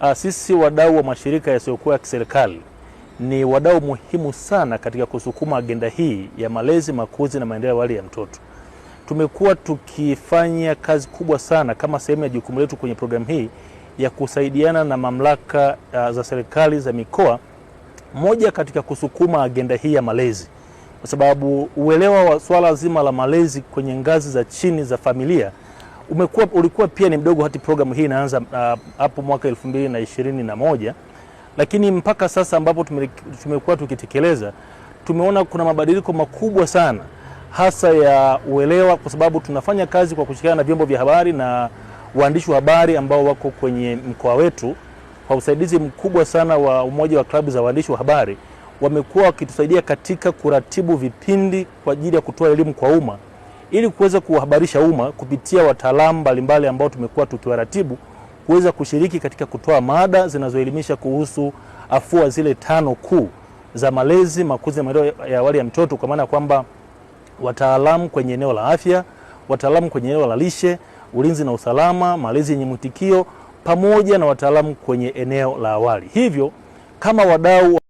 Ah, sisi wadau wa mashirika yasiyokuwa ya kiserikali ni wadau muhimu sana katika kusukuma agenda hii ya malezi, makuzi na maendeleo ya awali ya mtoto. Tumekuwa tukifanya kazi kubwa sana kama sehemu ya jukumu letu kwenye programu hii ya kusaidiana na mamlaka uh, za serikali za mikoa moja katika kusukuma agenda hii ya malezi, kwa sababu uelewa wa swala zima la malezi kwenye ngazi za chini za familia umekuwa, ulikuwa pia ni mdogo hati programu hii inaanza uh, hapo uh, mwaka 2021 lakini mpaka sasa ambapo tumekuwa tukitekeleza tumeona kuna mabadiliko makubwa sana hasa ya uelewa, kwa sababu tunafanya kazi kwa kushirikiana na vyombo vya habari na waandishi wa habari ambao wako kwenye mkoa wetu kwa usaidizi mkubwa sana wa umoja wa klabu za waandishi wa habari wamekuwa wakitusaidia katika kuratibu vipindi kwa ajili ya kutoa elimu kwa umma ili kuweza kuhabarisha umma kupitia wataalamu mbalimbali ambao tumekuwa tukiwaratibu kuweza kushiriki katika kutoa mada zinazoelimisha kuhusu afua zile tano kuu za malezi, makuzi na maendeleo ya awali ya mtoto, kwa maana ya kwamba wataalamu kwenye eneo la afya, wataalamu kwenye eneo la lishe, ulinzi na usalama, malezi yenye mwitikio, pamoja na wataalamu kwenye eneo la awali. Hivyo kama wadau